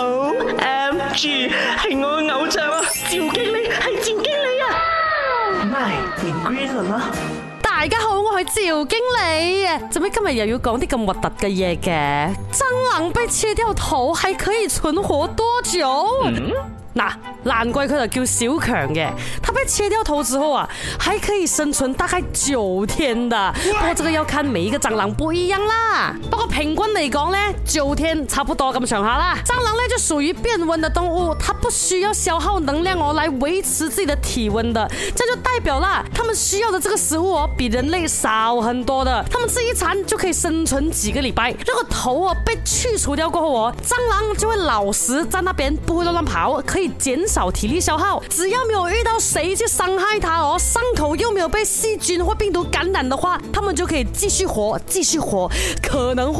好，M G 係我嘅偶像啊，趙經理係趙經理啊，咪你 green。大家好，我係趙經理啊，做咩今日又要講啲咁核突嘅嘢嘅？蟑螂被切掉頭係可以存活多久？嗱、嗯啊，難怪佢就叫小強嘅，他被切掉頭之後啊，還可以生存大概九天啦。不過哇這個要看每一個蟑螂不一樣啦。平均嚟講咧，九天差不多咁上下啦。蟑螂咧就屬於變溫的動物，它不需要消耗能量哦來維持自己的體溫的，這就代表啦，他們需要的這個食物哦比人類少很多的。他們吃一餐就可以生存幾個禮拜。如果頭哦被去除掉過後哦，蟑螂就會老實在那邊，不會亂亂跑，可以減少體力消耗。只要沒有遇到誰去傷害它哦，傷口又沒有被細菌或病毒感染的話，他們就可以繼續活，繼續活，可能會。